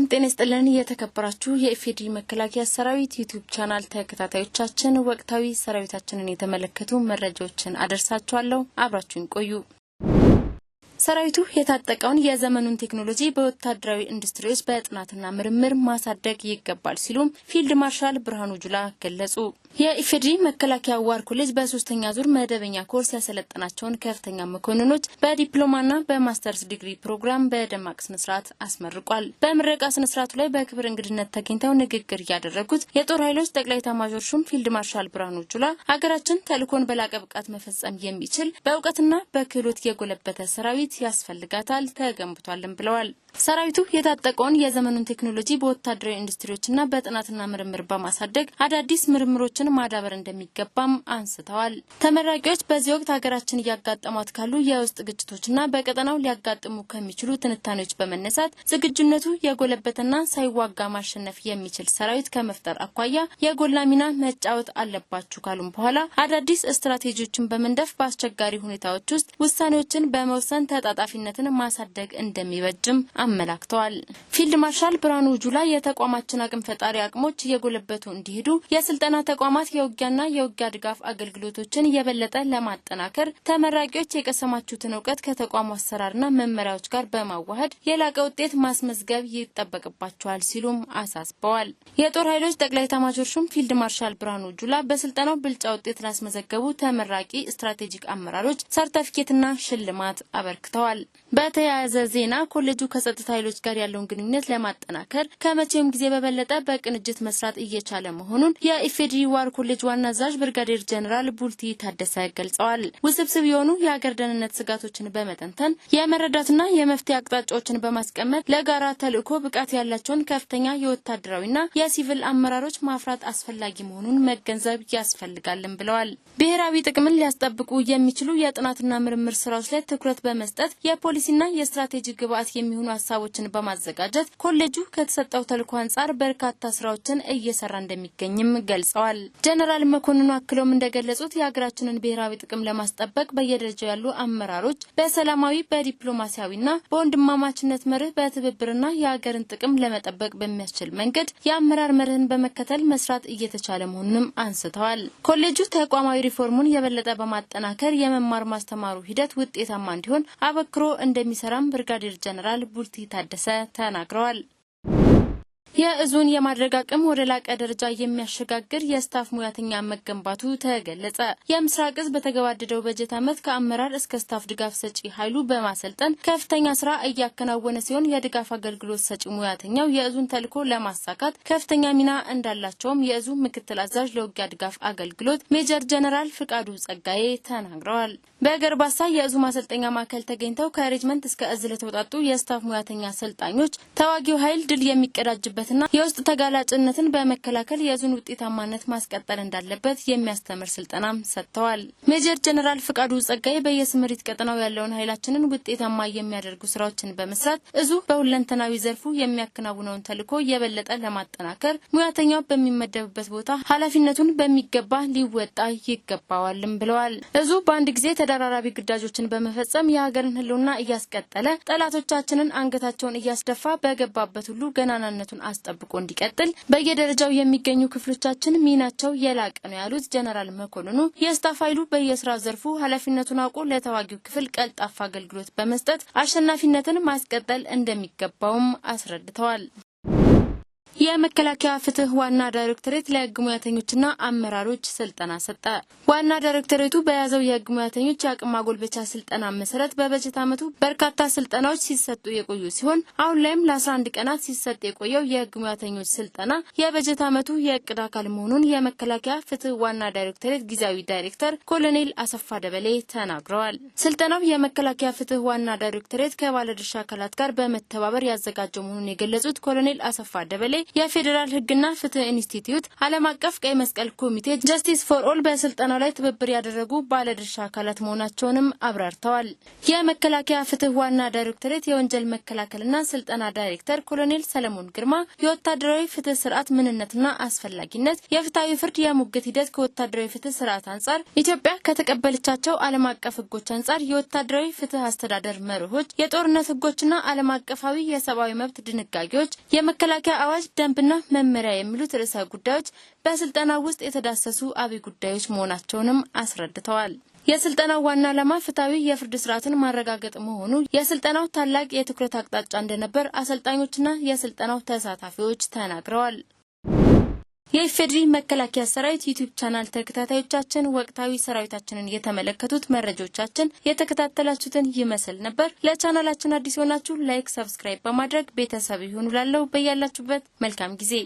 ሰላም ጤና ይስጥልን። የተከበራችሁ የኢፌዴሪ መከላከያ ሰራዊት ዩቲዩብ ቻናል ተከታታዮቻችን ወቅታዊ ሰራዊታችንን የተመለከቱ መረጃዎችን አደርሳችኋለሁ። አብራችሁን ቆዩ። ሰራዊቱ የታጠቀውን የዘመኑን ቴክኖሎጂ በወታደራዊ ኢንዱስትሪዎች በጥናትና ምርምር ማሳደግ ይገባል ሲሉም ፊልድ ማርሻል ብርሃኑ ጁላ ገለጹ። የኢፌዴሪ መከላከያ ዋር ኮሌጅ በሶስተኛ ዙር መደበኛ ኮርስ ያሰለጠናቸውን ከፍተኛ መኮንኖች በዲፕሎማና በማስተርስ ዲግሪ ፕሮግራም በደማቅ ስነስርዓት አስመርቋል። በምረቃ ስነስርዓቱ ላይ በክብር እንግድነት ተገኝተው ንግግር ያደረጉት የጦር ኃይሎች ጠቅላይ ኤታማዦር ሹም ፊልድ ማርሻል ብርሃኑ ጁላ ሀገራችን ተልእኮን በላቀ ብቃት መፈጸም የሚችል በእውቀትና በክህሎት የጎለበተ ሰራዊት ያስፈልጋታል ተገንብቷልም ብለዋል። ሰራዊቱ የታጠቀውን የዘመኑን ቴክኖሎጂ በወታደራዊ ኢንዱስትሪዎችና በጥናትና ምርምር በማሳደግ አዳዲስ ምርምሮችን ማዳበር እንደሚገባም አንስተዋል። ተመራቂዎች በዚህ ወቅት ሀገራችን እያጋጠሟት ካሉ የውስጥ ግጭቶችና በቀጠናው ሊያጋጥሙ ከሚችሉ ትንታኔዎች በመነሳት ዝግጁነቱ የጎለበተና ሳይዋጋ ማሸነፍ የሚችል ሰራዊት ከመፍጠር አኳያ የጎላ ሚና መጫወት አለባችሁ ካሉም በኋላ አዳዲስ ስትራቴጂዎችን በመንደፍ በአስቸጋሪ ሁኔታዎች ውስጥ ውሳኔዎችን በመውሰን ተጣጣፊነትን ማሳደግ እንደሚበጅም አመላክተዋል። ፊልድ ማርሻል ብርሃኑ ጁላ የተቋማችን አቅም ፈጣሪ አቅሞች እየጎለበቱ እንዲሄዱ የስልጠና ተቋማት የውጊያና የውጊያ ድጋፍ አገልግሎቶችን የበለጠ ለማጠናከር ተመራቂዎች የቀሰማችሁትን እውቀት ከተቋሙ አሰራርና መመሪያዎች ጋር በማዋሃድ የላቀ ውጤት ማስመዝገብ ይጠበቅባቸዋል ሲሉም አሳስበዋል። የጦር ኃይሎች ጠቅላይ ኤታማዦር ሹም ፊልድ ማርሻል ብርሃኑ ጁላ በስልጠናው ብልጫ ውጤት ላስመዘገቡ ተመራቂ ስትራቴጂክ አመራሮች ሰርተፊኬትና ሽልማት አበርክተዋል። በተያያዘ ዜና ኮሌጁ ከሰ ከጸጥታ ኃይሎች ጋር ያለውን ግንኙነት ለማጠናከር ከመቼም ጊዜ በበለጠ በቅንጅት መስራት እየቻለ መሆኑን የኢፌዴሪ ዋር ኮሌጅ ዋና አዛዥ ብርጋዴር ጀኔራል ቡልቲ ታደሰ ገልጸዋል። ውስብስብ የሆኑ የሀገር ደህንነት ስጋቶችን በመተንተን የመረዳትና የመፍትሄ አቅጣጫዎችን በማስቀመጥ ለጋራ ተልዕኮ ብቃት ያላቸውን ከፍተኛ የወታደራዊና የሲቪል አመራሮች ማፍራት አስፈላጊ መሆኑን መገንዘብ ያስፈልጋልን ብለዋል። ብሔራዊ ጥቅምን ሊያስጠብቁ የሚችሉ የጥናትና ምርምር ስራዎች ላይ ትኩረት በመስጠት የፖሊሲና የስትራቴጂ ግብዓት የሚሆኑ ሀሳቦችን በማዘጋጀት ኮሌጁ ከተሰጠው ተልዕኮ አንጻር በርካታ ስራዎችን እየሰራ እንደሚገኝም ገልጸዋል። ጀነራል መኮንኑ አክለውም እንደገለጹት የሀገራችንን ብሔራዊ ጥቅም ለማስጠበቅ በየደረጃው ያሉ አመራሮች በሰላማዊ በዲፕሎማሲያዊና በወንድማማችነት መርህ በትብብርና የሀገርን ጥቅም ለመጠበቅ በሚያስችል መንገድ የአመራር መርህን በመከተል መስራት እየተቻለ መሆኑንም አንስተዋል። ኮሌጁ ተቋማዊ ሪፎርሙን የበለጠ በማጠናከር የመማር ማስተማሩ ሂደት ውጤታማ እንዲሆን አበክሮ እንደሚሰራም ብርጋዴር ጀነራል ቡል ቱርቲ ታደሰ ተናግረዋል። የእዙን የማድረግ አቅም ወደ ላቀ ደረጃ የሚያሸጋግር የስታፍ ሙያተኛ መገንባቱ ተገለጸ። የምስራቅ እዝ በተገባደደው በጀት ዓመት ከአመራር እስከ ስታፍ ድጋፍ ሰጪ ኃይሉ በማሰልጠን ከፍተኛ ስራ እያከናወነ ሲሆን የድጋፍ አገልግሎት ሰጪ ሙያተኛው የእዙን ተልዕኮ ለማሳካት ከፍተኛ ሚና እንዳላቸውም የእዙ ምክትል አዛዥ ለውጊያ ድጋፍ አገልግሎት ሜጀር ጀነራል ፍቃዱ ጸጋዬ ተናግረዋል። በገርባሳ የእዙ ማሰልጠኛ ማዕከል ተገኝተው ከሬጅመንት እስከ እዝ ለተውጣጡ የስታፍ ሙያተኛ አሰልጣኞች ተዋጊው ኃይል ድል የሚቀዳጅበት ማንነትና የውስጥ ተጋላጭነትን በመከላከል የዙን ውጤታማነት ማስቀጠል እንዳለበት የሚያስተምር ስልጠናም ሰጥተዋል። ሜጀር ጀነራል ፍቃዱ ጸጋይ በየስምሪት ቀጠናው ያለውን ኃይላችንን ውጤታማ የሚያደርጉ ስራዎችን በመስራት እዙ በሁለንተናዊ ዘርፉ የሚያከናውነውን ተልዕኮ የበለጠ ለማጠናከር ሙያተኛው በሚመደብበት ቦታ ኃላፊነቱን በሚገባ ሊወጣ ይገባዋልም ብለዋል። እዙ በአንድ ጊዜ ተደራራቢ ግዳጆችን በመፈጸም የሀገርን ህልውና እያስቀጠለ ጠላቶቻችንን አንገታቸውን እያስደፋ በገባበት ሁሉ ገናናነቱን አስ ጠብቆ እንዲቀጥል በየደረጃው የሚገኙ ክፍሎቻችን ሚናቸው የላቀ ነው ያሉት ጀነራል መኮንኑ የስታፍ ኃይሉ በየስራ ዘርፉ ኃላፊነቱን አውቆ ለተዋጊው ክፍል ቀልጣፋ አገልግሎት በመስጠት አሸናፊነትን ማስቀጠል እንደሚገባውም አስረድተዋል። የመከላከያ ፍትህ ዋና ዳይሬክቶሬት ለህግ ሙያተኞችና አመራሮች ስልጠና ሰጠ። ዋና ዳይሬክቶሬቱ በያዘው የህግ ሙያተኞች የአቅም ማጎልበቻ ስልጠና መሰረት በበጀት ዓመቱ በርካታ ስልጠናዎች ሲሰጡ የቆዩ ሲሆን አሁን ላይም ለ11 ቀናት ሲሰጥ የቆየው የህግ ሙያተኞች ስልጠና የበጀት ዓመቱ የእቅድ አካል መሆኑን የመከላከያ ፍትህ ዋና ዳይሬክቶሬት ጊዜያዊ ዳይሬክተር ኮሎኔል አሰፋ ደበሌ ተናግረዋል። ስልጠናው የመከላከያ ፍትህ ዋና ዳይሬክቶሬት ከባለድርሻ አካላት ጋር በመተባበር ያዘጋጀው መሆኑን የገለጹት ኮሎኔል አሰፋ ደበሌ ጉዳይ የፌዴራል ሕግና ፍትህ ኢንስቲትዩት፣ ዓለም አቀፍ ቀይ መስቀል ኮሚቴ፣ ጀስቲስ ፎር ኦል በስልጠናው ላይ ትብብር ያደረጉ ባለድርሻ አካላት መሆናቸውንም አብራርተዋል። የመከላከያ ፍትህ ዋና ዳይሬክቶሬት የወንጀል መከላከልና ስልጠና ዳይሬክተር ኮሎኔል ሰለሞን ግርማ የወታደራዊ ፍትህ ስርዓት ምንነትና አስፈላጊነት፣ የፍትሐዊ ፍርድ የሙግት ሂደት ከወታደራዊ ፍትህ ስርዓት አንጻር ኢትዮጵያ ከተቀበለቻቸው ዓለም አቀፍ ህጎች አንጻር የወታደራዊ ፍትህ አስተዳደር መርሆች፣ የጦርነት ህጎችና ዓለም አቀፋዊ የሰብአዊ መብት ድንጋጌዎች፣ የመከላከያ አዋጅ ደንብና መመሪያ የሚሉት ርዕሰ ጉዳዮች በስልጠና ውስጥ የተዳሰሱ አብይ ጉዳዮች መሆናቸውንም አስረድተዋል። የስልጠናው ዋና ዓላማ ፍትሐዊ የፍርድ ስርዓትን ማረጋገጥ መሆኑ የስልጠናው ታላቅ የትኩረት አቅጣጫ እንደነበር አሰልጣኞችና የስልጠናው ተሳታፊዎች ተናግረዋል። የኢፌድሪ መከላከያ ሰራዊት ዩቲዩብ ቻናል ተከታታዮቻችን ወቅታዊ ሰራዊታችንን የተመለከቱት መረጃዎቻችን የተከታተላችሁትን ይመስል ነበር። ለቻናላችን አዲስ የሆናችሁ ላይክ፣ ሰብስክራይብ በማድረግ ቤተሰብ ይሁኑ። ላለው በያላችሁበት መልካም ጊዜ